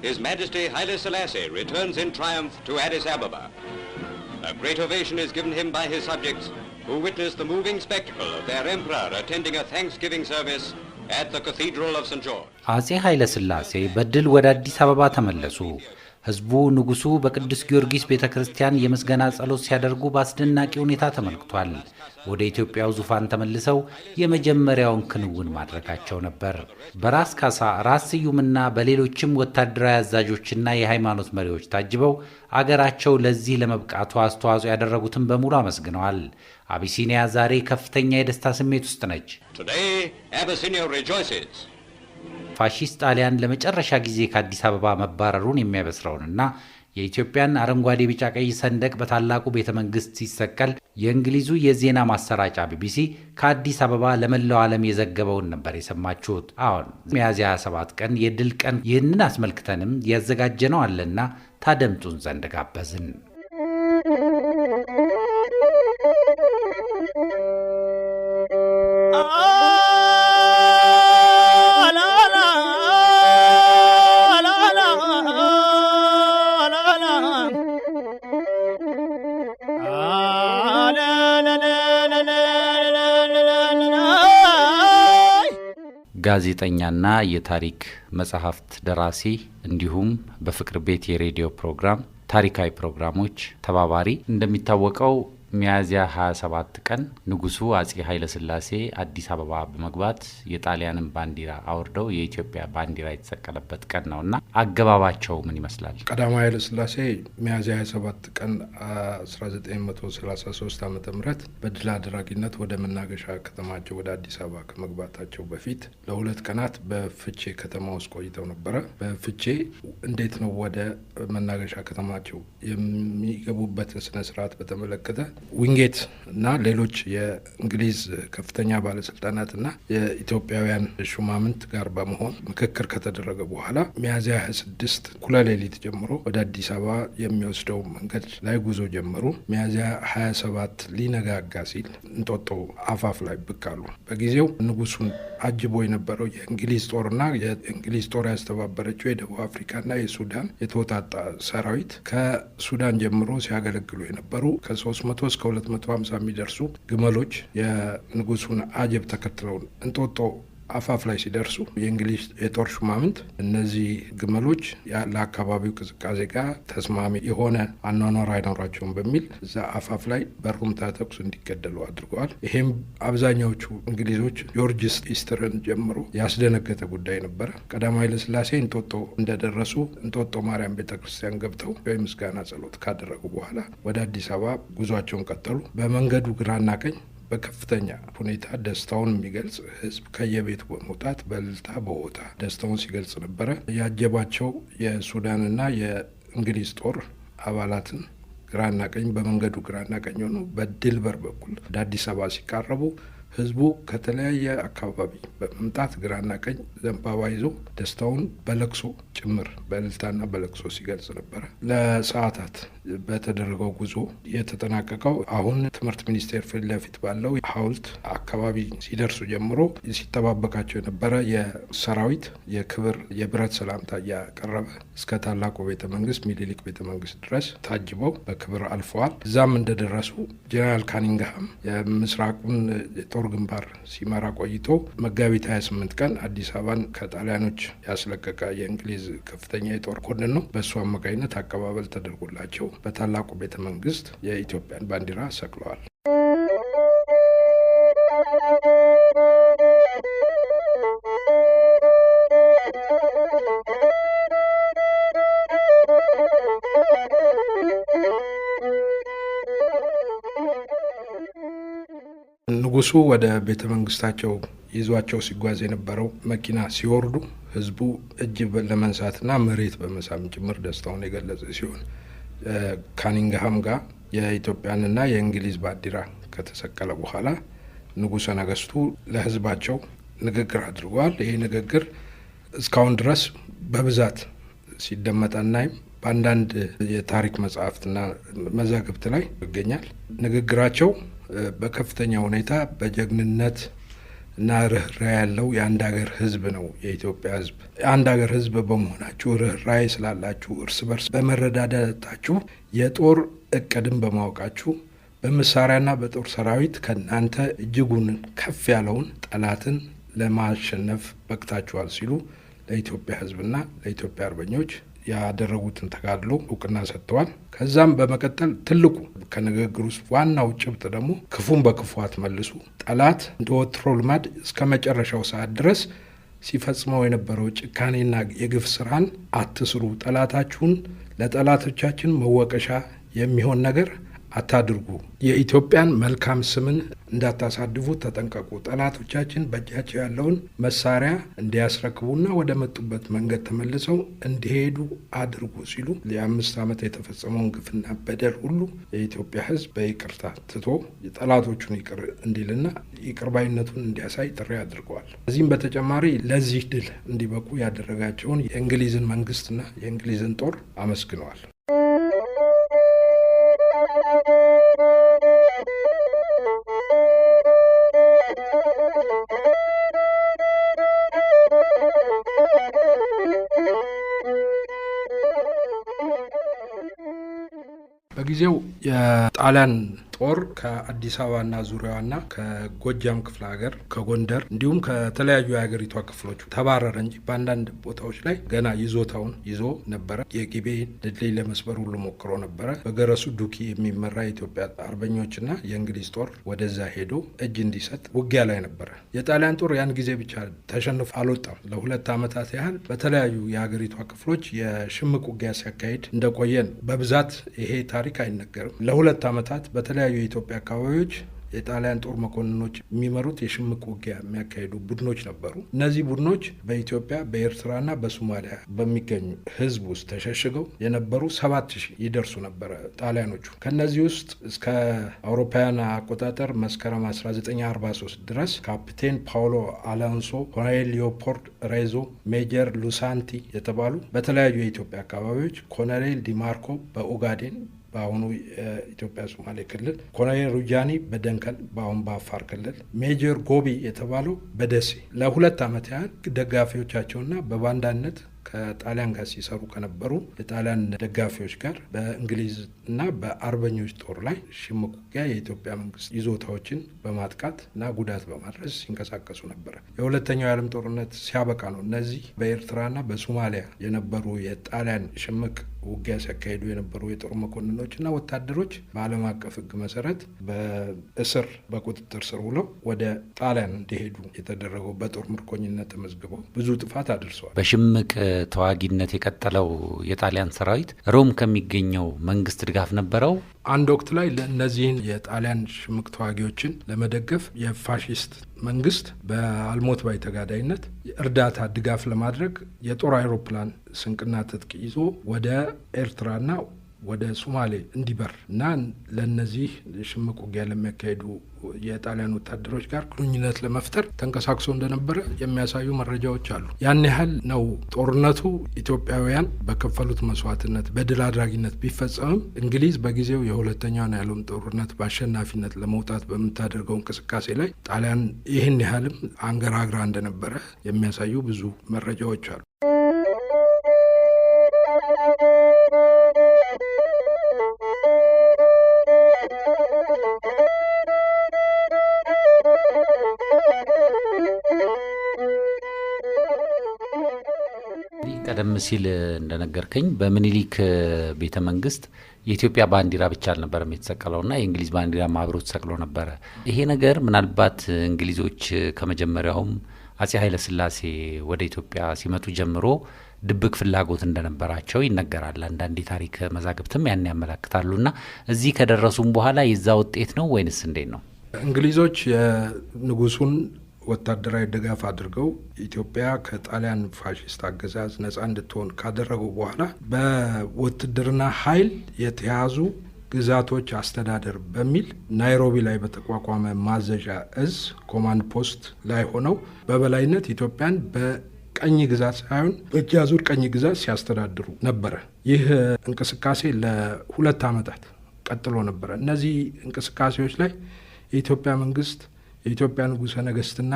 His Majesty Haile Selassie returns in triumph to Addis Ababa. A great ovation is given him by his subjects who witness the moving spectacle of their emperor attending a thanksgiving service at the Cathedral of St. George. አጼ ኃይለ ሥላሴ በድል ወደ አዲስ አበባ ተመለሱ። ህዝቡ ንጉሱ በቅዱስ ጊዮርጊስ ቤተ ክርስቲያን የምስጋና ጸሎት ሲያደርጉ በአስደናቂ ሁኔታ ተመልክቷል። ወደ ኢትዮጵያው ዙፋን ተመልሰው የመጀመሪያውን ክንውን ማድረጋቸው ነበር። በራስ ካሳ፣ ራስ ስዩምና በሌሎችም ወታደራዊ አዛዦችና የሃይማኖት መሪዎች ታጅበው አገራቸው ለዚህ ለመብቃቱ አስተዋጽኦ ያደረጉትን በሙሉ አመስግነዋል። አቢሲኒያ ዛሬ ከፍተኛ የደስታ ስሜት ውስጥ ነች። ፋሺስት ጣሊያን ለመጨረሻ ጊዜ ከአዲስ አበባ መባረሩን የሚያበስረውንና የኢትዮጵያን አረንጓዴ ቢጫ ቀይ ሰንደቅ በታላቁ ቤተ መንግስት ሲሰቀል የእንግሊዙ የዜና ማሰራጫ ቢቢሲ ከአዲስ አበባ ለመላው ዓለም የዘገበውን ነበር የሰማችሁት። አሁን ሚያዝያ 27 ቀን የድል ቀን፣ ይህንን አስመልክተንም ያዘጋጀነው አለና ታደምጡን ዘንድ ጋበዝን። ጋዜጠኛና የታሪክ መጽሐፍት ደራሲ እንዲሁም በፍቅር ቤት የሬዲዮ ፕሮግራም ታሪካዊ ፕሮግራሞች ተባባሪ እንደሚታወቀው ሚያዝያ 27 ቀን ንጉሱ አጼ ኃይለስላሴ አዲስ አበባ በመግባት የጣሊያንን ባንዲራ አውርደው የኢትዮጵያ ባንዲራ የተሰቀለበት ቀን ነው እና አገባባቸው ምን ይመስላል? ቀዳማዊ ኃይለስላሴ ሚያዝያ 27 ቀን 1933 ዓ ም በድል አድራጊነት ወደ መናገሻ ከተማቸው ወደ አዲስ አበባ ከመግባታቸው በፊት ለሁለት ቀናት በፍቼ ከተማ ውስጥ ቆይተው ነበረ። በፍቼ እንዴት ነው ወደ መናገሻ ከተማቸው የሚገቡበትን ስነስርዓት በተመለከተ ዊንጌት እና ሌሎች የእንግሊዝ ከፍተኛ ባለስልጣናት እና የኢትዮጵያውያን ሹማምንት ጋር በመሆን ምክክር ከተደረገ በኋላ ሚያዝያ 26 እኩለ ሌሊት ጀምሮ ወደ አዲስ አበባ የሚወስደው መንገድ ላይ ጉዞ ጀመሩ። ሚያዝያ 27 ሊነጋጋ ሲል እንጦጦ አፋፍ ላይ ብቅ አሉ። በጊዜው ንጉሱን አጅቦ የነበረው የእንግሊዝ ጦርና የእንግሊዝ ጦር ያስተባበረችው የደቡብ አፍሪካና የሱዳን የተወጣጣ ሰራዊት ከሱዳን ጀምሮ ሲያገለግሉ የነበሩ ከ300 እስከ 250 የሚደርሱ ግመሎች የንጉሱን አጀብ ተከትለው እንጦጦ አፋፍ ላይ ሲደርሱ የእንግሊዝ የጦር ሹማምንት እነዚህ ግመሎች ለአካባቢው ቅዝቃዜ ጋር ተስማሚ የሆነ አኗኗር አይኖራቸውም በሚል እዛ አፋፍ ላይ በሩምታ ተኩስ እንዲገደሉ አድርገዋል። ይሄም አብዛኛዎቹ እንግሊዞች ጆርጅ ኢስትርን ጀምሮ ያስደነገጠ ጉዳይ ነበረ። ቀዳማዊ ኃይለ እንጦጦ እንደደረሱ እንጦጦ ማርያም ቤተ ክርስቲያን ገብተው የምስጋና ጸሎት ካደረጉ በኋላ ወደ አዲስ አበባ ጉዟቸውን ቀጠሉ። በመንገዱ ግራና ቀኝ በከፍተኛ ሁኔታ ደስታውን የሚገልጽ ህዝብ ከየቤቱ በመውጣት በልልታ በወጣ ደስታውን ሲገልጽ ነበረ። ያጀባቸው የሱዳንና የእንግሊዝ ጦር አባላትን ግራና ቀኝ በመንገዱ ግራና ቀኝ ሆኑ። በድልበር በኩል ወደ አዲስ አበባ ሲቃረቡ ህዝቡ ከተለያየ አካባቢ በመምጣት ግራና ቀኝ ዘንባባ ይዞ ደስታውን በለቅሶ ጭምር በእልልታና በለቅሶ ሲገልጽ ነበረ። ለሰዓታት በተደረገው ጉዞ የተጠናቀቀው አሁን ትምህርት ሚኒስቴር ፊት ለፊት ባለው ሐውልት አካባቢ ሲደርሱ ጀምሮ ሲጠባበቃቸው የነበረ የሰራዊት የክብር የብረት ሰላምታ እያቀረበ እስከ ታላቁ ቤተ መንግስት ቤተመንግስት ቤተ መንግስት ድረስ ታጅበው በክብር አልፈዋል። እዛም እንደደረሱ ጀነራል ካኒንግሃም የምስራቁን የጦር ግንባር ሲመራ ቆይቶ መጋቢት 28 ቀን አዲስ አበባን ከጣሊያኖች ያስለቀቀ የእንግሊዝ ከፍተኛ የጦር ኮንን ነው። በእሱ አማካኝነት አቀባበል ተደርጎላቸው በታላቁ ቤተ መንግስት የኢትዮጵያን ባንዲራ ሰቅለዋል። ንጉሱ ወደ ቤተ መንግስታቸው ይዟቸው ሲጓዝ የነበረው መኪና ሲወርዱ ህዝቡ እጅ ለመንሳትና መሬት በመሳም ጭምር ደስታውን የገለጸ ሲሆን ካኒንግሃም ጋር የኢትዮጵያንና የእንግሊዝ ባንዲራ ከተሰቀለ በኋላ ንጉሰ ነገስቱ ለህዝባቸው ንግግር አድርገዋል። ይህ ንግግር እስካሁን ድረስ በብዛት ሲደመጠ እናይም በአንዳንድ የታሪክ መጽሐፍትና መዛግብት ላይ ይገኛል። ንግግራቸው በከፍተኛ ሁኔታ በጀግንነት እና ርኅራ ያለው የአንድ ሀገር ህዝብ ነው የኢትዮጵያ ህዝብ የአንድ ሀገር ህዝብ በመሆናችሁ ርኅራይ ስላላችሁ፣ እርስ በርስ በመረዳዳታችሁ፣ የጦር እቅድን በማወቃችሁ በመሳሪያና በጦር ሰራዊት ከእናንተ እጅጉን ከፍ ያለውን ጠላትን ለማሸነፍ በቅታችኋል ሲሉ ለኢትዮጵያ ህዝብና ለኢትዮጵያ አርበኞች ያደረጉትን ተጋድሎ እውቅና ሰጥተዋል። ከዛም በመቀጠል ትልቁ ከንግግር ውስጥ ዋናው ጭብጥ ደግሞ ክፉን በክፉ አትመልሱ፣ ጠላት እንደ ወትሮ ልማድ እስከ መጨረሻው ሰዓት ድረስ ሲፈጽመው የነበረው ጭካኔና የግፍ ስራን አትስሩ፣ ጠላታችሁን ለጠላቶቻችን መወቀሻ የሚሆን ነገር አታድርጉ፣ የኢትዮጵያን መልካም ስምን እንዳታሳድፉ ተጠንቀቁ፣ ጠላቶቻችን በእጃቸው ያለውን መሳሪያ እንዲያስረክቡና ወደ መጡበት መንገድ ተመልሰው እንዲሄዱ አድርጉ ሲሉ የአምስት ዓመት የተፈጸመውን ግፍና በደል ሁሉ የኢትዮጵያ ሕዝብ በይቅርታ ትቶ ጠላቶቹን ይቅር እንዲልና ይቅርባይነቱን እንዲያሳይ ጥሪ አድርገዋል። ከዚህም በተጨማሪ ለዚህ ድል እንዲበቁ ያደረጋቸውን የእንግሊዝን መንግስትና የእንግሊዝን ጦር አመስግነዋል። በጊዜው የጣሊያን ጦር ከአዲስ አበባና ዙሪያዋና ከጎጃም ክፍለ ሀገር ከጎንደር እንዲሁም ከተለያዩ የሀገሪቷ ክፍሎች ተባረረ እንጂ በአንዳንድ ቦታዎች ላይ ገና ይዞታውን ይዞ ነበረ። የቅቤ ድልድይ ለመስበር ሁሉ ሞክሮ ነበረ። በገረሱ ዱኪ የሚመራ የኢትዮጵያ አርበኞችና የእንግሊዝ ጦር ወደዛ ሄዶ እጅ እንዲሰጥ ውጊያ ላይ ነበረ። የጣሊያን ጦር ያን ጊዜ ብቻ ተሸንፎ አልወጣም። ለሁለት ዓመታት ያህል በተለያዩ የሀገሪቷ ክፍሎች የሽምቅ ውጊያ ሲያካሄድ እንደቆየን በብዛት ይሄ ታሪክ አይነገርም። ለሁለት ዓመታት በተለያዩ በተለያዩ የኢትዮጵያ አካባቢዎች የጣሊያን ጦር መኮንኖች የሚመሩት የሽምቅ ውጊያ የሚያካሄዱ ቡድኖች ነበሩ። እነዚህ ቡድኖች በኢትዮጵያ በኤርትራና በሶማሊያ በሚገኙ ሕዝብ ውስጥ ተሸሽገው የነበሩ ሰባት ሺህ ይደርሱ ነበረ ጣሊያኖቹ። ከነዚህ ውስጥ እስከ አውሮፓውያን አቆጣጠር መስከረም 1943 ድረስ ካፕቴን ፓውሎ አላንሶ፣ ኮሎኔል ሊዮፖርድ ሬዞ፣ ሜጀር ሉሳንቲ የተባሉ በተለያዩ የኢትዮጵያ አካባቢዎች ኮሎኔል ዲማርኮ በኦጋዴን በአሁኑ የኢትዮጵያ ሶማሌ ክልል፣ ኮሎኔል ሩጃኒ በደንከል በአሁን በአፋር ክልል፣ ሜጀር ጎቢ የተባለው በደሴ ለሁለት ዓመት ያህል ደጋፊዎቻቸውና በባንዳነት ከጣሊያን ጋር ሲሰሩ ከነበሩ የጣሊያን ደጋፊዎች ጋር በእንግሊዝ እና በአርበኞች ጦር ላይ ሽምቅ ውጊያ የኢትዮጵያ መንግስት ይዞታዎችን በማጥቃት እና ጉዳት በማድረስ ሲንቀሳቀሱ ነበረ። የሁለተኛው የዓለም ጦርነት ሲያበቃ ነው እነዚህ በኤርትራና በሶማሊያ የነበሩ የጣሊያን ሽምቅ ውጊያ ሲያካሄዱ የነበሩ የጦር መኮንኖች እና ወታደሮች በዓለም አቀፍ ሕግ መሰረት በእስር በቁጥጥር ስር ውለው ወደ ጣሊያን እንዲሄዱ የተደረገው በጦር ምርኮኝነት ተመዝግበው ብዙ ጥፋት አድርሰዋል። በሽምቅ ተዋጊነት የቀጠለው የጣሊያን ሰራዊት ሮም ከሚገኘው መንግስት ድጋፍ ነበረው። አንድ ወቅት ላይ እነዚህን የጣሊያን ሽምቅ ተዋጊዎችን ለመደገፍ የፋሽስት መንግስት በአልሞት ባይ ተጋዳይነት እርዳታ ድጋፍ ለማድረግ የጦር አይሮፕላን ስንቅና ትጥቅ ይዞ ወደ ኤርትራና ወደ ሶማሌ እንዲበር እና ለነዚህ ሽምቅ ውጊያ ለሚያካሄዱ የጣሊያን ወታደሮች ጋር ግንኙነት ለመፍጠር ተንቀሳቅሶ እንደነበረ የሚያሳዩ መረጃዎች አሉ። ያን ያህል ነው። ጦርነቱ ኢትዮጵያውያን በከፈሉት መስዋዕትነት በድል አድራጊነት ቢፈጸምም እንግሊዝ በጊዜው የሁለተኛውን ያለውን ጦርነት በአሸናፊነት ለመውጣት በምታደርገው እንቅስቃሴ ላይ ጣሊያን ይህን ያህልም አንገራግራ እንደነበረ የሚያሳዩ ብዙ መረጃዎች አሉ። ቀደም ሲል እንደነገርከኝ በምኒሊክ ቤተ መንግስት የኢትዮጵያ ባንዲራ ብቻ አልነበረም የተሰቀለውና የእንግሊዝ ባንዲራ ማህበሩ ተሰቅሎ ነበረ። ይሄ ነገር ምናልባት እንግሊዞች ከመጀመሪያውም አጼ ኃይለስላሴ ወደ ኢትዮጵያ ሲመጡ ጀምሮ ድብቅ ፍላጎት እንደነበራቸው ይነገራል። አንዳንድ የታሪክ መዛግብትም ያን ና እዚህ ከደረሱም በኋላ የዛ ውጤት ነው ወይንስ እንዴት ነው? እንግሊዞች የንጉሱን ወታደራዊ ድጋፍ አድርገው ኢትዮጵያ ከጣሊያን ፋሽስት አገዛዝ ነጻ እንድትሆን ካደረጉ በኋላ በውትድርና ኃይል የተያዙ ግዛቶች አስተዳደር በሚል ናይሮቢ ላይ በተቋቋመ ማዘዣ እዝ ኮማንድ ፖስት ላይ ሆነው በበላይነት ኢትዮጵያን በቀኝ ግዛት ሳይሆን በእጅ አዙር ቀኝ ግዛት ሲያስተዳድሩ ነበረ። ይህ እንቅስቃሴ ለሁለት ዓመታት ቀጥሎ ነበረ። እነዚህ እንቅስቃሴዎች ላይ የኢትዮጵያ መንግስት የኢትዮጵያ ንጉሰ ነገስትና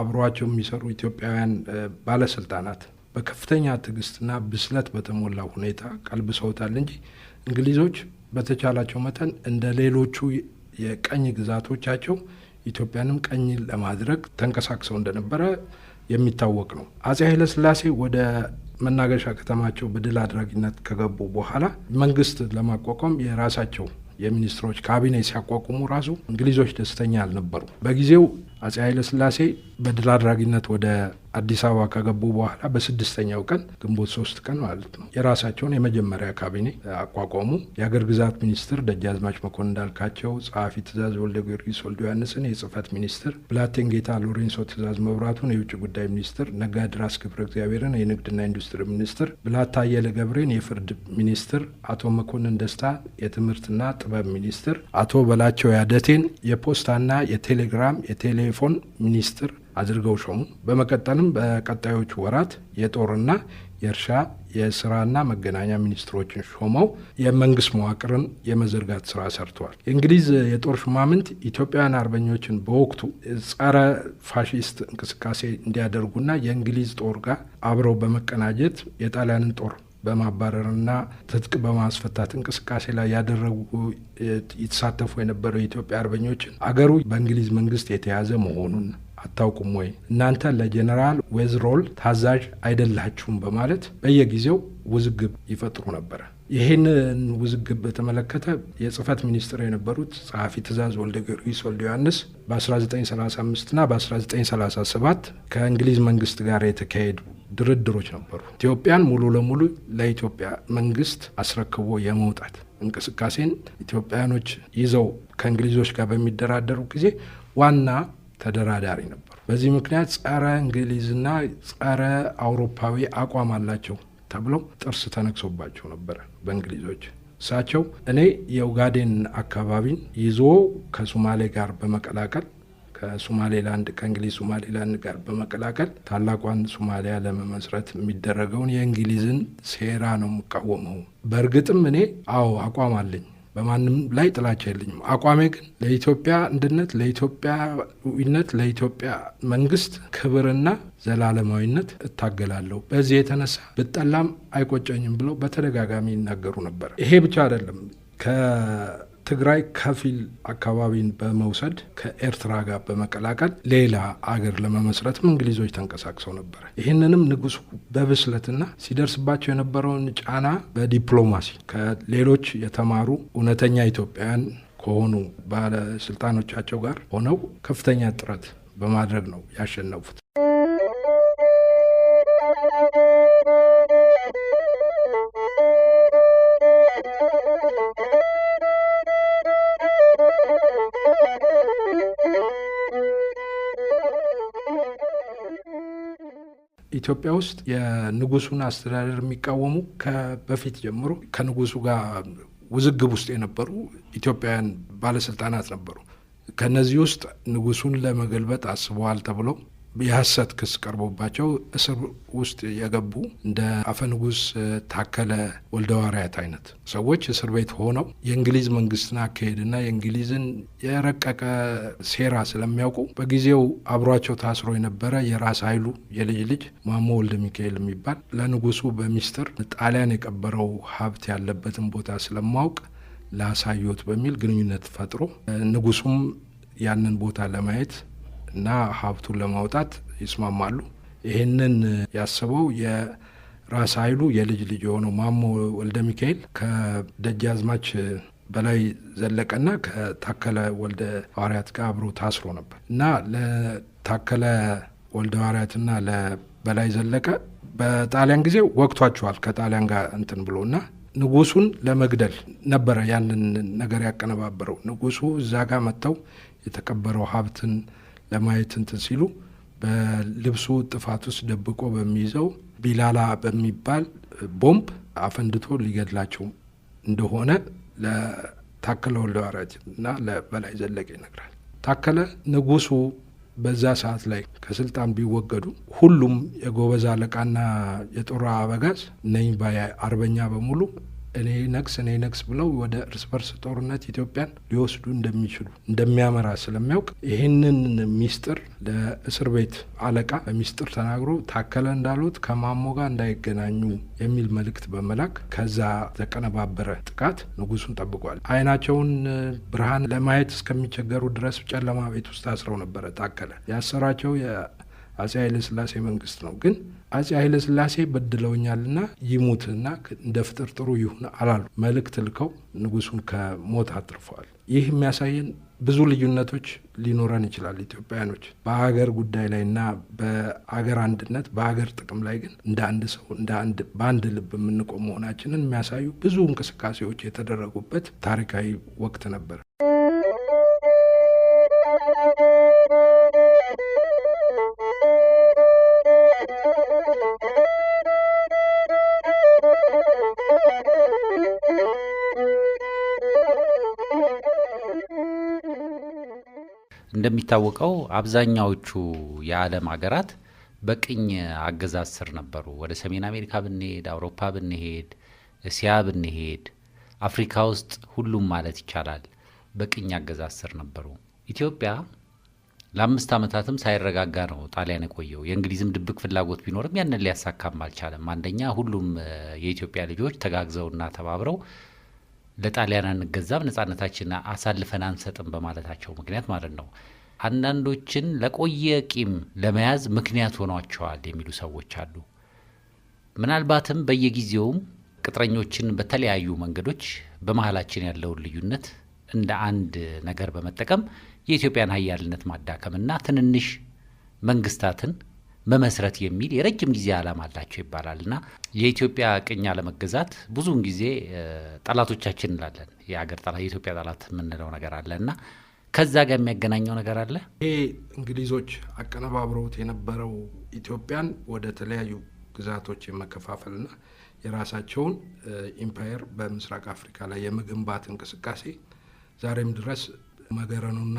አብሯቸው የሚሰሩ ኢትዮጵያውያን ባለስልጣናት በከፍተኛ ትዕግስትና ብስለት በተሞላ ሁኔታ ቀልብሰውታል እንጂ እንግሊዞች በተቻላቸው መጠን እንደ ሌሎቹ የቀኝ ግዛቶቻቸው ኢትዮጵያንም ቀኝ ለማድረግ ተንቀሳቅሰው እንደነበረ የሚታወቅ ነው። አጼ ኃይለስላሴ ወደ መናገሻ ከተማቸው በድል አድራጊነት ከገቡ በኋላ መንግስት ለማቋቋም የራሳቸው የሚኒስትሮች ካቢኔ ሲያቋቁሙ ራሱ እንግሊዞች ደስተኛ አልነበሩ። በጊዜው አጼ ኃይለስላሴ በድል አድራጊነት ወደ አዲስ አበባ ከገቡ በኋላ በስድስተኛው ቀን ግንቦት ሶስት ቀን ማለት ነው የራሳቸውን የመጀመሪያ ካቢኔ አቋቋሙ። የአገር ግዛት ሚኒስትር ደጃዝማች መኮንን እንዳልካቸው፣ ጸሐፊ ትእዛዝ ወልደ ጊዮርጊስ ወልደ ዮሐንስን፣ የጽህፈት ሚኒስትር ጌታ ሎሬንሶ ትእዛዝ መብራቱን የውጭ ጉዳይ ሚኒስትር፣ ራስ ክብረ እግዚአብሔርን የንግድና ኢንዱስትሪ ሚኒስትር፣ ብላታ አየለ ገብሬን የፍርድ ሚኒስትር፣ አቶ መኮንን ደስታ የትምህርትና ጥበብ ሚኒስትር፣ አቶ በላቸው ያደቴን የፖስታና የቴሌግራም የቴሌፎን ሚኒስትር አድርገው ሾሙ። በመቀጠልም በቀጣዮቹ ወራት የጦርና የእርሻ የስራና መገናኛ ሚኒስትሮችን ሾመው የመንግስት መዋቅርን የመዘርጋት ስራ ሰርተዋል። የእንግሊዝ የጦር ሹማምንት ኢትዮጵያውያን አርበኞችን በወቅቱ ጸረ ፋሽስት እንቅስቃሴ እንዲያደርጉና የእንግሊዝ ጦር ጋር አብረው በመቀናጀት የጣሊያንን ጦር በማባረርና ትጥቅ በማስፈታት እንቅስቃሴ ላይ ያደረጉ የተሳተፉ የነበረው የኢትዮጵያ አርበኞችን አገሩ በእንግሊዝ መንግስት የተያዘ መሆኑን አታውቁም ወይ? እናንተ ለጀነራል ዌዝሮል ታዛዥ አይደላችሁም በማለት በየጊዜው ውዝግብ ይፈጥሩ ነበረ። ይህንን ውዝግብ በተመለከተ የጽህፈት ሚኒስትር የነበሩት ጸሐፊ ትእዛዝ ወልደ ጊዮርጊስ ወልደ ዮሐንስ በ1935ና በ1937 ከእንግሊዝ መንግስት ጋር የተካሄዱ ድርድሮች ነበሩ። ኢትዮጵያን ሙሉ ለሙሉ ለኢትዮጵያ መንግስት አስረክቦ የመውጣት እንቅስቃሴን ኢትዮጵያኖች ይዘው ከእንግሊዞች ጋር በሚደራደሩ ጊዜ ዋና ተደራዳሪ ነበሩ በዚህ ምክንያት ጸረ እንግሊዝና ጸረ አውሮፓዊ አቋም አላቸው ተብለው ጥርስ ተነክሶባቸው ነበረ በእንግሊዞች። እሳቸው እኔ የኦጋዴን አካባቢን ይዞ ከሱማሌ ጋር በመቀላቀል ከሱማሌላንድ ከእንግሊዝ ላንድ ጋር በመቀላቀል ታላቋን ሱማሊያ ለመመስረት የሚደረገውን የእንግሊዝን ሴራ ነው የምቃወመው። በእርግጥም እኔ አዎ አቋም አለኝ በማንም ላይ ጥላቻ የለኝም። አቋሜ ግን ለኢትዮጵያ አንድነት፣ ለኢትዮጵያዊነት፣ ለኢትዮጵያ መንግስት ክብርና ዘላለማዊነት እታገላለሁ። በዚህ የተነሳ ብጠላም አይቆጨኝም ብለው በተደጋጋሚ ይናገሩ ነበር። ይሄ ብቻ አይደለም። ትግራይ ከፊል አካባቢን በመውሰድ ከኤርትራ ጋር በመቀላቀል ሌላ አገር ለመመስረትም እንግሊዞች ተንቀሳቅሰው ነበረ። ይህንንም ንጉሱ በብስለትና ሲደርስባቸው የነበረውን ጫና በዲፕሎማሲ ከሌሎች የተማሩ እውነተኛ ኢትዮጵያውያን ከሆኑ ባለስልጣኖቻቸው ጋር ሆነው ከፍተኛ ጥረት በማድረግ ነው ያሸነፉት። ኢትዮጵያ ውስጥ የንጉሱን አስተዳደር የሚቃወሙ በፊት ጀምሮ ከንጉሱ ጋር ውዝግብ ውስጥ የነበሩ ኢትዮጵያውያን ባለስልጣናት ነበሩ። ከነዚህ ውስጥ ንጉሱን ለመገልበጥ አስበዋል ተብለው የሐሰት ክስ ቀርቦባቸው እስር ውስጥ የገቡ እንደ አፈንጉስ ታከለ ወልደዋርያት አይነት ሰዎች እስር ቤት ሆነው የእንግሊዝ መንግስትን አካሄድና የእንግሊዝን የረቀቀ ሴራ ስለሚያውቁ በጊዜው አብሯቸው ታስሮ የነበረ የራስ ኃይሉ የልጅ ልጅ ማሞ ወልደ ሚካኤል የሚባል ለንጉሱ በሚስጥር ጣሊያን የቀበረው ሀብት ያለበትን ቦታ ስለማውቅ ለአሳዮት በሚል ግንኙነት ፈጥሮ ንጉሱም ያንን ቦታ ለማየት እና ሀብቱን ለማውጣት ይስማማሉ። ይህንን ያስበው የራስ ኃይሉ የልጅ ልጅ የሆነው ማሞ ወልደ ሚካኤል ከደጃዝማች በላይ ዘለቀና ከታከለ ወልደ ሐዋርያት ጋር አብሮ ታስሮ ነበር እና ለታከለ ወልደ ሐዋርያትና ለበላይ ዘለቀ በጣሊያን ጊዜ ወቅቷቸዋል ከጣሊያን ጋር እንትን ብሎ እና ንጉሱን ለመግደል ነበረ ያንን ነገር ያቀነባበረው። ንጉሱ እዛ ጋር መጥተው የተቀበረው ሀብትን ለማየት እንትን ሲሉ በልብሱ ጥፋት ውስጥ ደብቆ በሚይዘው ቢላላ በሚባል ቦምብ አፈንድቶ ሊገድላቸው እንደሆነ ለታከለ ወልደ ወራጅ እና ለበላይ ዘለቀ ይነግራል። ታከለ ንጉሱ በዛ ሰዓት ላይ ከስልጣን ቢወገዱ ሁሉም የጎበዝ አለቃና የጦር አበጋዝ ነኝ ባይ አርበኛ በሙሉ እኔ ነግስ እኔ ነግስ ብለው ወደ እርስ በርስ ጦርነት ኢትዮጵያን ሊወስዱ እንደሚችሉ እንደሚያመራ ስለሚያውቅ ይህንን ሚስጥር ለእስር ቤት አለቃ በሚስጥር ተናግሮ ታከለ እንዳሉት ከማሞ ጋር እንዳይገናኙ የሚል መልእክት በመላክ ከዛ ተቀነባበረ ጥቃት ንጉሱን ጠብቋል። አይናቸውን ብርሃን ለማየት እስከሚቸገሩ ድረስ ጨለማ ቤት ውስጥ አስረው ነበረ። ታከለ ያሰራቸው የአጼ ኃይለስላሴ መንግስት ነው ግን አጼ ኃይለስላሴ በድለውኛልና ይሙት እና እንደ ፍጥር ጥሩ ይሁን አላሉ። መልእክት ልከው ንጉሱን ከሞት አትርፈዋል። ይህ የሚያሳየን ብዙ ልዩነቶች ሊኖረን ይችላል። ኢትዮጵያውያኖች በሀገር ጉዳይ ላይ እና በሀገር አንድነት፣ በሀገር ጥቅም ላይ ግን እንደ አንድ ሰው እንደ አንድ በአንድ ልብ የምንቆም መሆናችንን የሚያሳዩ ብዙ እንቅስቃሴዎች የተደረጉበት ታሪካዊ ወቅት ነበር። እንደሚታወቀው አብዛኛዎቹ የዓለም ሀገራት በቅኝ አገዛዝ ስር ነበሩ። ወደ ሰሜን አሜሪካ ብንሄድ፣ አውሮፓ ብንሄድ፣ እስያ ብንሄድ፣ አፍሪካ ውስጥ ሁሉም ማለት ይቻላል በቅኝ አገዛዝ ስር ነበሩ። ኢትዮጵያ ለአምስት ዓመታትም ሳይረጋጋ ነው ጣሊያን የቆየው። የእንግሊዝም ድብቅ ፍላጎት ቢኖርም ያንን ሊያሳካም አልቻለም። አንደኛ ሁሉም የኢትዮጵያ ልጆች ተጋግዘውና ተባብረው ለጣሊያን አንገዛም፣ ነጻነታችን አሳልፈን አንሰጥም በማለታቸው ምክንያት ማለት ነው። አንዳንዶችን ለቆየ ቂም ለመያዝ ምክንያት ሆኗቸዋል የሚሉ ሰዎች አሉ። ምናልባትም በየጊዜውም ቅጥረኞችን በተለያዩ መንገዶች በመሀላችን ያለውን ልዩነት እንደ አንድ ነገር በመጠቀም የኢትዮጵያን ሀያልነት ማዳከምና ትንንሽ መንግስታትን መመስረት የሚል የረጅም ጊዜ ዓላማ አላቸው ይባላል እና የኢትዮጵያ ቅኝ አለመገዛት ብዙውን ጊዜ ጠላቶቻችን እንላለን። የአገር ጠላት የኢትዮጵያ ጠላት የምንለው ነገር አለ እና ከዛ ጋር የሚያገናኘው ነገር አለ። ይሄ እንግሊዞች አቀነባብረውት የነበረው ኢትዮጵያን ወደ ተለያዩ ግዛቶች የመከፋፈልና የራሳቸውን ኢምፓየር በምስራቅ አፍሪካ ላይ የመገንባት እንቅስቃሴ ዛሬም ድረስ መገረኑና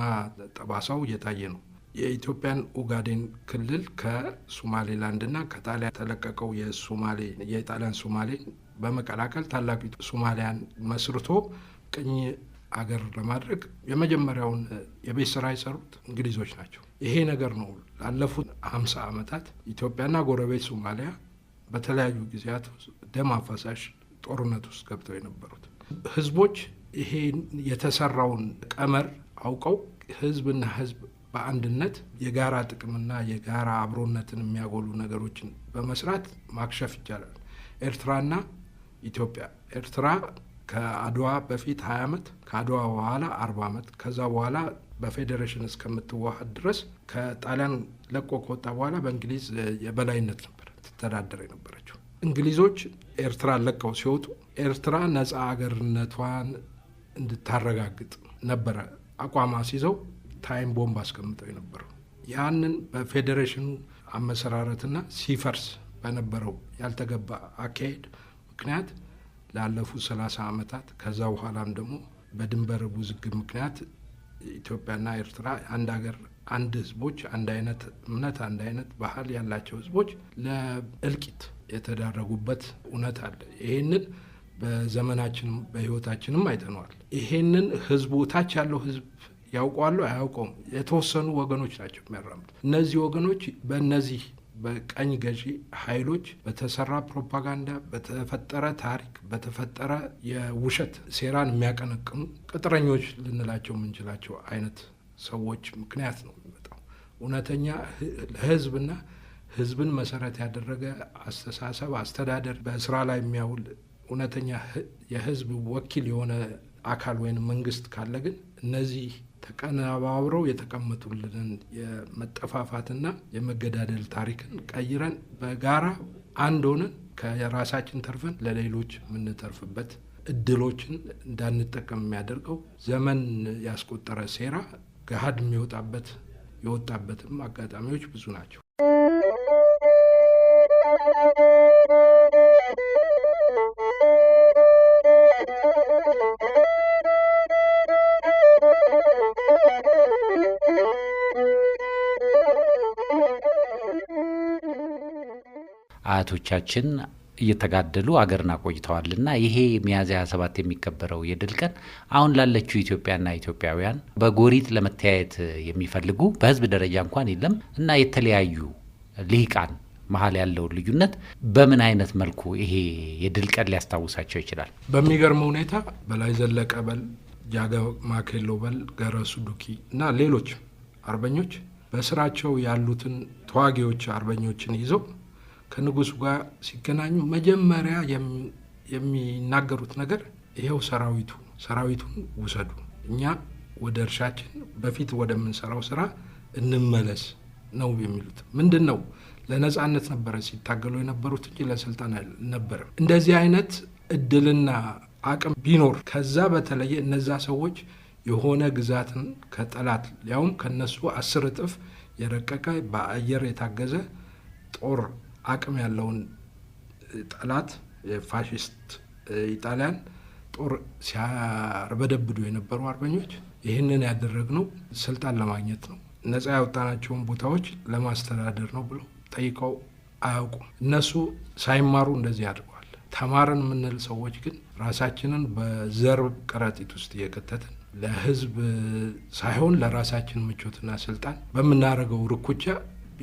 ጠባሳው እየታየ ነው። የኢትዮጵያን ኡጋዴን ክልል ከሶማሌላንድና ከጣሊያን ተለቀቀው የሶማሌ የጣሊያን ሶማሌን በመቀላቀል ታላቁ ሶማሊያን መስርቶ ቅኝ አገር ለማድረግ የመጀመሪያውን የቤት ስራ የሰሩት እንግሊዞች ናቸው። ይሄ ነገር ነው ላለፉት ሀምሳ ዓመታት ኢትዮጵያና ጎረቤት ሶማሊያ በተለያዩ ጊዜያት ደም አፋሳሽ ጦርነት ውስጥ ገብተው የነበሩት ህዝቦች ይሄን የተሰራውን ቀመር አውቀው ህዝብና ህዝብ በአንድነት የጋራ ጥቅምና የጋራ አብሮነትን የሚያጎሉ ነገሮችን በመስራት ማክሸፍ ይቻላል። ኤርትራና ኢትዮጵያ ኤርትራ ከአድዋ በፊት 20 ዓመት ከአድዋ በኋላ 40 ዓመት ከዛ በኋላ በፌዴሬሽን እስከምትዋሀድ ድረስ ከጣሊያን ለቆ ከወጣ በኋላ በእንግሊዝ የበላይነት ነበር ትተዳደር የነበረችው። እንግሊዞች ኤርትራን ለቀው ሲወጡ ኤርትራ ነፃ አገርነቷን እንድታረጋግጥ ነበረ አቋማ ሲይዘው ታይም ቦምብ አስቀምጠው የነበረው ያንን በፌዴሬሽኑ አመሰራረትና ሲፈርስ በነበረው ያልተገባ አካሄድ ምክንያት ላለፉት 30 ዓመታት ከዛ በኋላም ደግሞ በድንበር ውዝግብ ምክንያት ኢትዮጵያና ኤርትራ አንድ ሀገር፣ አንድ ህዝቦች፣ አንድ አይነት እምነት፣ አንድ አይነት ባህል ያላቸው ህዝቦች ለእልቂት የተዳረጉበት እውነት አለ። ይህንን በዘመናችንም በህይወታችንም አይተነዋል። ይሄንን ህዝቡ ታች ያለው ህዝብ ያውቋሉ አያውቀውም፣ የተወሰኑ ወገኖች ናቸው የሚያራምዱ እነዚህ ወገኖች በእነዚህ በቀኝ ገዢ ኃይሎች በተሰራ ፕሮፓጋንዳ፣ በተፈጠረ ታሪክ፣ በተፈጠረ የውሸት ሴራን የሚያቀነቅኑ ቅጥረኞች ልንላቸው የምንችላቸው አይነት ሰዎች ምክንያት ነው የሚመጣው። እውነተኛ ህዝብና ህዝብን መሰረት ያደረገ አስተሳሰብ፣ አስተዳደር በስራ ላይ የሚያውል እውነተኛ የህዝብ ወኪል የሆነ አካል ወይም መንግስት ካለ ግን እነዚህ ተቀነባብረው የተቀመጡልንን የመጠፋፋትና የመገዳደል ታሪክን ቀይረን በጋራ አንድ ሆነን ከራሳችን ተርፈን ለሌሎች የምንተርፍበት እድሎችን እንዳንጠቀም የሚያደርገው ዘመን ያስቆጠረ ሴራ ገሀድ የሚወጣበት የወጣበትም አጋጣሚዎች ብዙ ናቸው። አያቶቻችን እየተጋደሉ አገርን አቆይተዋልና ይሄ ሚያዝያ 27 የሚከበረው የድል ቀን አሁን ላለችው ኢትዮጵያና ኢትዮጵያውያን በጎሪጥ ለመተያየት የሚፈልጉ በህዝብ ደረጃ እንኳን የለም እና የተለያዩ ልሂቃን መሀል ያለውን ልዩነት በምን አይነት መልኩ ይሄ የድል ቀን ሊያስታውሳቸው ይችላል? በሚገርም ሁኔታ በላይ ዘለቀ በል፣ ጃገ ማኬሎ በል፣ ገረሱ ዱኪ እና ሌሎች አርበኞች በስራቸው ያሉትን ተዋጊዎች አርበኞችን ይዘው ከንጉሱ ጋር ሲገናኙ መጀመሪያ የሚናገሩት ነገር ይኸው ሰራዊቱ ሰራዊቱን ውሰዱ፣ እኛ ወደ እርሻችን በፊት ወደምንሰራው ስራ እንመለስ ነው የሚሉት። ምንድን ነው ለነፃነት ነበረ ሲታገሉ የነበሩት እንጂ ለስልጣን አልነበረም። እንደዚህ አይነት እድልና አቅም ቢኖር ከዛ በተለየ እነዛ ሰዎች የሆነ ግዛትን ከጠላት ያውም ከነሱ አስር እጥፍ የረቀቀ በአየር የታገዘ ጦር አቅም ያለውን ጠላት የፋሽስት ኢጣሊያን ጦር ሲያርበደብዱ የነበሩ አርበኞች ይህንን ያደረግነው ስልጣን ለማግኘት ነው፣ ነጻ ያወጣናቸውን ቦታዎች ለማስተዳደር ነው ብለው ጠይቀው አያውቁም። እነሱ ሳይማሩ እንደዚህ አድርገዋል። ተማርን የምንል ሰዎች ግን ራሳችንን በዘር ከረጢት ውስጥ እየከተትን ለህዝብ ሳይሆን ለራሳችን ምቾትና ስልጣን በምናደርገው ርኩቻ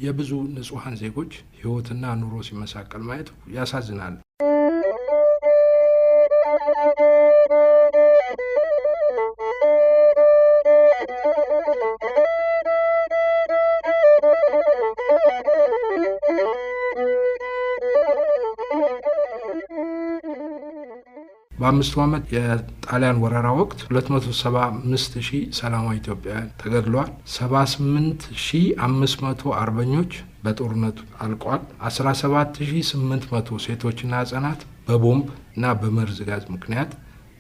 የብዙ ንጹሐን ዜጎች ህይወትና ኑሮ ሲመሳቀል ማየት ያሳዝናል። በአምስቱ ዓመት የጣሊያን ወረራ ወቅት 275 ሺህ ሰላማዊ ኢትዮጵያውያን ተገድለዋል። 78 ሺህ 500 አርበኞች በጦርነቱ አልቋል። 17800 ሴቶችና ህጻናት በቦምብ እና በመርዝ ጋዝ ምክንያት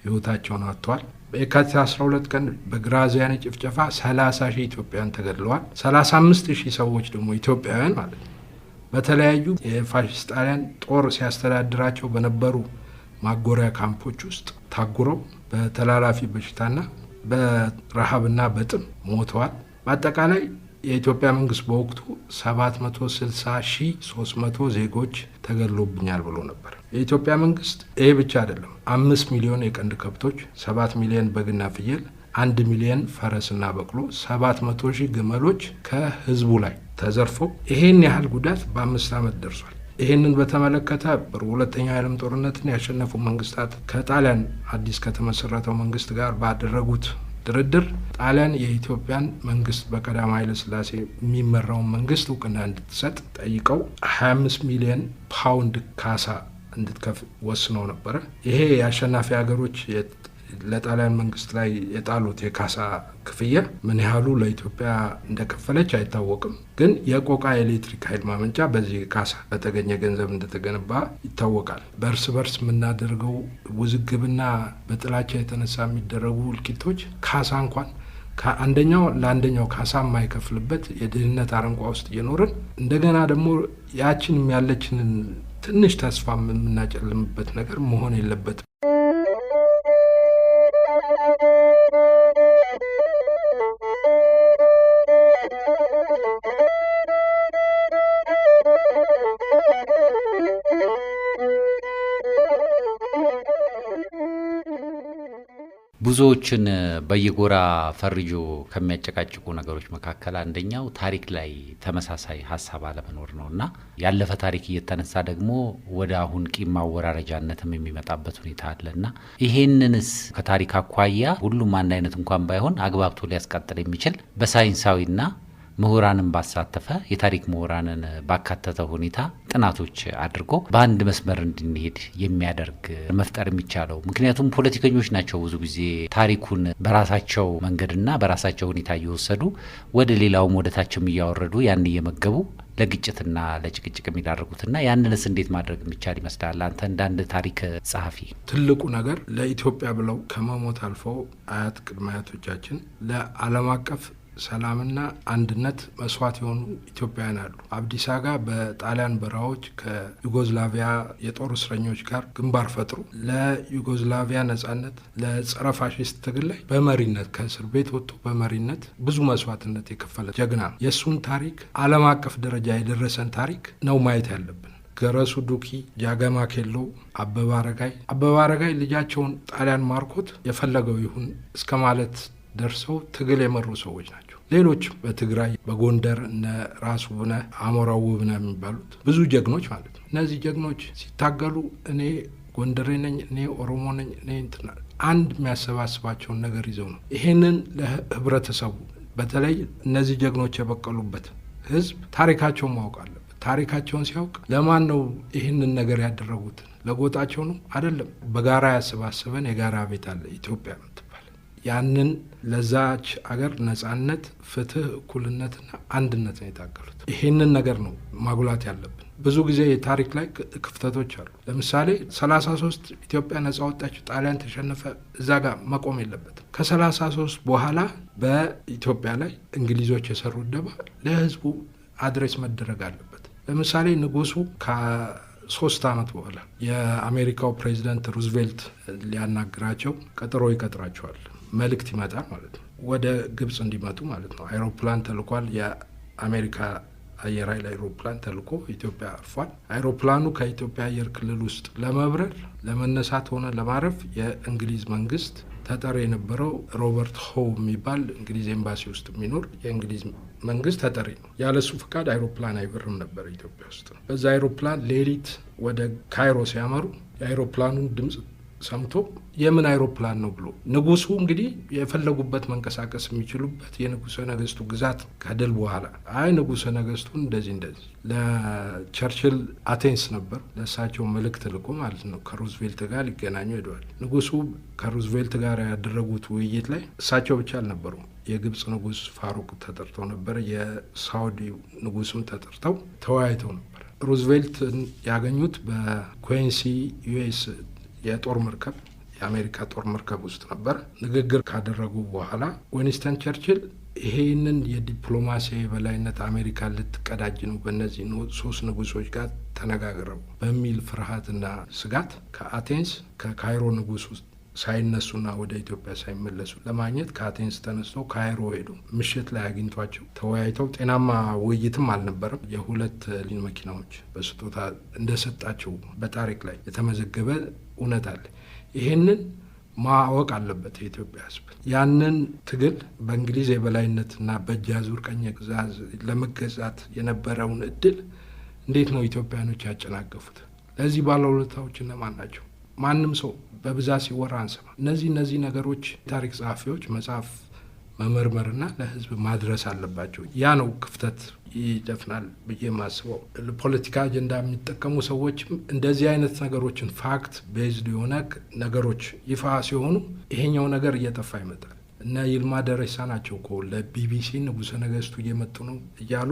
ህይወታቸውን አጥተዋል። የካቲት 12 ቀን በግራዚያን ጭፍጨፋ 30 ሺህ ኢትዮጵያውያን ተገድለዋል። 35 ሺህ ሰዎች ደግሞ ኢትዮጵያውያን ማለት ነው በተለያዩ የፋሽስት ጣሊያን ጦር ሲያስተዳድራቸው በነበሩ ማጎሪያ ካምፖች ውስጥ ታጉረው በተላላፊ በሽታና በረሃብና በጥም ሞተዋል። በአጠቃላይ የኢትዮጵያ መንግስት በወቅቱ 760300 ዜጎች ተገድሎብኛል ብሎ ነበር። የኢትዮጵያ መንግስት ይሄ ብቻ አይደለም፣ አምስት ሚሊዮን የቀንድ ከብቶች፣ ሰባት ሚሊዮን በግና ፍየል፣ አንድ ሚሊዮን ፈረስና በቅሎ፣ 700 ሺህ ግመሎች ከህዝቡ ላይ ተዘርፎ ይሄን ያህል ጉዳት በአምስት ዓመት ደርሷል። ይህንን በተመለከተ ሁለተኛ የዓለም ጦርነትን ያሸነፉ መንግስታት ከጣሊያን አዲስ ከተመሰረተው መንግስት ጋር ባደረጉት ድርድር ጣሊያን የኢትዮጵያን መንግስት በቀዳማዊ ኃይለ ሥላሴ የሚመራውን መንግስት እውቅና እንድትሰጥ ጠይቀው 25 ሚሊዮን ፓውንድ ካሳ እንድትከፍ ወስኖ ነበረ። ይሄ የአሸናፊ ሀገሮች ለጣሊያን መንግስት ላይ የጣሉት የካሳ ክፍያ ምን ያህሉ ለኢትዮጵያ እንደከፈለች አይታወቅም። ግን የቆቃ ኤሌክትሪክ ኃይል ማመንጫ በዚህ ካሳ በተገኘ ገንዘብ እንደተገነባ ይታወቃል። በእርስ በርስ የምናደርገው ውዝግብና በጥላቻ የተነሳ የሚደረጉ እልቂቶች ካሳ እንኳን አንደኛው ለአንደኛው ካሳ የማይከፍልበት የድህነት አረንቋ ውስጥ እየኖርን እንደገና ደግሞ ያችንም ያለችንን ትንሽ ተስፋ የምናጨልምበት ነገር መሆን የለበትም። ጉዞዎችን በየጎራ ፈርጆ ከሚያጨቃጭቁ ነገሮች መካከል አንደኛው ታሪክ ላይ ተመሳሳይ ሀሳብ አለመኖር ነው እና ያለፈ ታሪክ እየተነሳ ደግሞ ወደ አሁን ቂም ማወራረጃነትም የሚመጣበት ሁኔታ አለ እና ይሄንንስ ከታሪክ አኳያ ሁሉም አንድ አይነት እንኳን ባይሆን አግባብቶ ሊያስቀጥል የሚችል በሳይንሳዊና ምሁራንን ባሳተፈ የታሪክ ምሁራንን ባካተተ ሁኔታ ጥናቶች አድርጎ በአንድ መስመር እንድንሄድ የሚያደርግ መፍጠር የሚቻለው ምክንያቱም ፖለቲከኞች ናቸው ብዙ ጊዜ ታሪኩን በራሳቸው መንገድና በራሳቸው ሁኔታ እየወሰዱ ወደ ሌላውም ወደታቸውም እያወረዱ ያን እየመገቡ ለግጭትና ለጭቅጭቅ የሚዳርጉትና ያንንስ እንዴት ማድረግ የሚቻል ይመስላል? አንተ እንዳንድ ታሪክ ጸሐፊ ትልቁ ነገር ለኢትዮጵያ ብለው ከመሞት አልፈው አያት ቅድመ አያቶቻችን ለዓለም አቀፍ ሰላምና አንድነት መስዋዕት የሆኑ ኢትዮጵያውያን አሉ። አብዲሳ ጋ በጣሊያን በረሃዎች ከዩጎዝላቪያ የጦር እስረኞች ጋር ግንባር ፈጥሮ ለዩጎዝላቪያ ነጻነት፣ ለጸረ ፋሽስት ትግል ላይ በመሪነት ከእስር ቤት ወጥቶ በመሪነት ብዙ መስዋዕትነት የከፈለ ጀግና ነው። የእሱን ታሪክ ዓለም አቀፍ ደረጃ የደረሰን ታሪክ ነው ማየት ያለብን። ገረሱ ዱኪ፣ ጃገማ ኬሎ፣ አበባ አረጋይ አበባ አረጋይ ልጃቸውን ጣሊያን ማርኮት የፈለገው ይሁን እስከ ማለት ደርሰው ትግል የመሩ ሰዎች ናቸው። ሌሎች በትግራይ በጎንደር እነ ራስ ውብነ አሞራው ውብነ የሚባሉት ብዙ ጀግኖች ማለት ነው። እነዚህ ጀግኖች ሲታገሉ እኔ ጎንደሬ ነኝ፣ እኔ ኦሮሞ ነኝ፣ እኔ እንትና አንድ የሚያሰባስባቸውን ነገር ይዘው ነው። ይሄንን ለህብረተሰቡ በተለይ እነዚህ ጀግኖች የበቀሉበት ህዝብ ታሪካቸውን ማወቅ አለበት። ታሪካቸውን ሲያውቅ ለማን ነው ይህንን ነገር ያደረጉትን ለጎጣቸው ነው አይደለም። በጋራ ያሰባስበን የጋራ ቤት አለ ኢትዮጵያ ነው። ያንን ለዛች አገር ነጻነት፣ ፍትህ፣ እኩልነትና አንድነት ነው የታገሉት። ይሄንን ነገር ነው ማጉላት ያለብን። ብዙ ጊዜ የታሪክ ላይ ክፍተቶች አሉ። ለምሳሌ 33 ኢትዮጵያ ነጻ ወጣች፣ ጣሊያን ተሸነፈ፣ እዛ ጋር መቆም የለበትም። ከ33 በኋላ በኢትዮጵያ ላይ እንግሊዞች የሰሩት ደባ ለህዝቡ አድሬስ መደረግ አለበት። ለምሳሌ ንጉሱ ሶስት ዓመት በኋላ የአሜሪካው ፕሬዚደንት ሩዝቬልት ሊያናግራቸው ቀጠሮ ይቀጥራቸዋል። መልእክት ይመጣል ማለት ነው፣ ወደ ግብጽ እንዲመጡ ማለት ነው። አይሮፕላን ተልኳል። የአሜሪካ አየር ኃይል አይሮፕላን ተልኮ ኢትዮጵያ አርፏል። አይሮፕላኑ ከኢትዮጵያ አየር ክልል ውስጥ ለመብረር ለመነሳት ሆነ ለማረፍ የእንግሊዝ መንግስት ተጠሪ የነበረው ሮበርት ሆው የሚባል እንግሊዝ ኤምባሲ ውስጥ የሚኖር የእንግሊዝ መንግስት ተጠሪ ነው። ያለሱ ፍቃድ አይሮፕላን አይበርም ነበር ኢትዮጵያ ውስጥ። በዛ አይሮፕላን ሌሊት ወደ ካይሮ ሲያመሩ የአይሮፕላኑን ድምጽ ሰምቶ የምን አይሮፕላን ነው ብሎ ንጉሱ እንግዲህ የፈለጉበት መንቀሳቀስ የሚችሉበት የንጉሰ ነገስቱ ግዛት ከድል በኋላ አይ ንጉሰ ነገስቱ እንደዚህ እንደዚህ ለቸርችል አቴንስ ነበር ለእሳቸው መልእክት ልኮ ማለት ነው ከሩዝቬልት ጋር ሊገናኙ ሄደዋል። ንጉሱ ከሩዝቬልት ጋር ያደረጉት ውይይት ላይ እሳቸው ብቻ አልነበሩም። የግብፅ ንጉስ ፋሩቅ ተጠርተው ነበር። የሳውዲ ንጉስም ተጠርተው ተወያይተው ነበር። ሩዝቬልትን ያገኙት በኩዌንሲ ዩኤስ የጦር መርከብ የአሜሪካ ጦር መርከብ ውስጥ ነበር። ንግግር ካደረጉ በኋላ ዊንስተን ቸርችል ይሄንን የዲፕሎማሲያዊ የበላይነት አሜሪካ ልትቀዳጅ ነው፣ በእነዚህ ሶስት ንጉሶች ጋር ተነጋግረው በሚል ፍርሃትና ስጋት ከአቴንስ ከካይሮ ንጉስ ውስጥ ሳይነሱና ወደ ኢትዮጵያ ሳይመለሱ ለማግኘት ከአቴንስ ተነስተው ካይሮ ሄዱ። ምሽት ላይ አግኝቷቸው ተወያይተው ጤናማ ውይይትም አልነበረም። የሁለት ሊን መኪናዎች በስጦታ እንደሰጣቸው በታሪክ ላይ የተመዘገበ እውነት አለ። ይህንን ማወቅ አለበት የኢትዮጵያ ሕዝብ። ያንን ትግል በእንግሊዝ የበላይነትና በእጅ ቀኝ ግዛዝ ለመገዛት የነበረውን እድል እንዴት ነው ኢትዮጵያኖች ያጨናገፉት? ለዚህ ባለውለታዎች እነማን ናቸው? ማንም ሰው በብዛት ሲወራ አንስማ። እነዚህ እነዚህ ነገሮች ታሪክ ጸሐፊዎች መጽሐፍ መመርመርና ለህዝብ ማድረስ አለባቸው። ያ ነው ክፍተት ይደፍናል ብዬ ማስበው። ለፖለቲካ አጀንዳ የሚጠቀሙ ሰዎችም እንደዚህ አይነት ነገሮችን ፋክት ቤዝድ የሆነ ነገሮች ይፋ ሲሆኑ ይሄኛው ነገር እየጠፋ ይመጣል። እነ ይልማ ደረሳ ናቸው እኮ ለቢቢሲ ንጉሰ ነገስቱ እየመጡ ነው እያሉ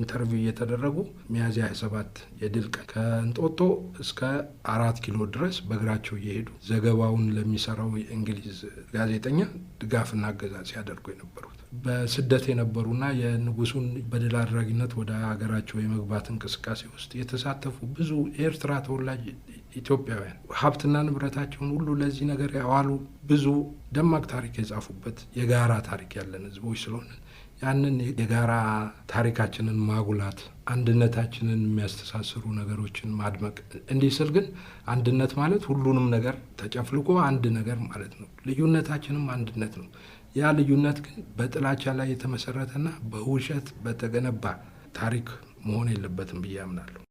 ኢንተርቪው እየተደረጉ ሚያዝያ 27 የድል ቀን ከእንጦጦ እስከ አራት ኪሎ ድረስ በእግራቸው እየሄዱ ዘገባውን ለሚሰራው የእንግሊዝ ጋዜጠኛ ድጋፍና እገዛ ሲያደርጉ የነበሩት በስደት የነበሩና የንጉሱን በድል አድራጊነት ወደ ሀገራቸው የመግባት እንቅስቃሴ ውስጥ የተሳተፉ ብዙ ኤርትራ ተወላጅ ኢትዮጵያውያን ሀብትና ንብረታቸውን ሁሉ ለዚህ ነገር ያዋሉ ብዙ ደማቅ ታሪክ የጻፉበት የጋራ ታሪክ ያለን ህዝቦች ስለሆነ ያንን የጋራ ታሪካችንን ማጉላት አንድነታችንን የሚያስተሳስሩ ነገሮችን ማድመቅ። እንዲህ ስል ግን አንድነት ማለት ሁሉንም ነገር ተጨፍልቆ አንድ ነገር ማለት ነው። ልዩነታችንም አንድነት ነው። ያ ልዩነት ግን በጥላቻ ላይ የተመሰረተና በውሸት በተገነባ ታሪክ መሆን የለበትም ብዬ አምናለሁ።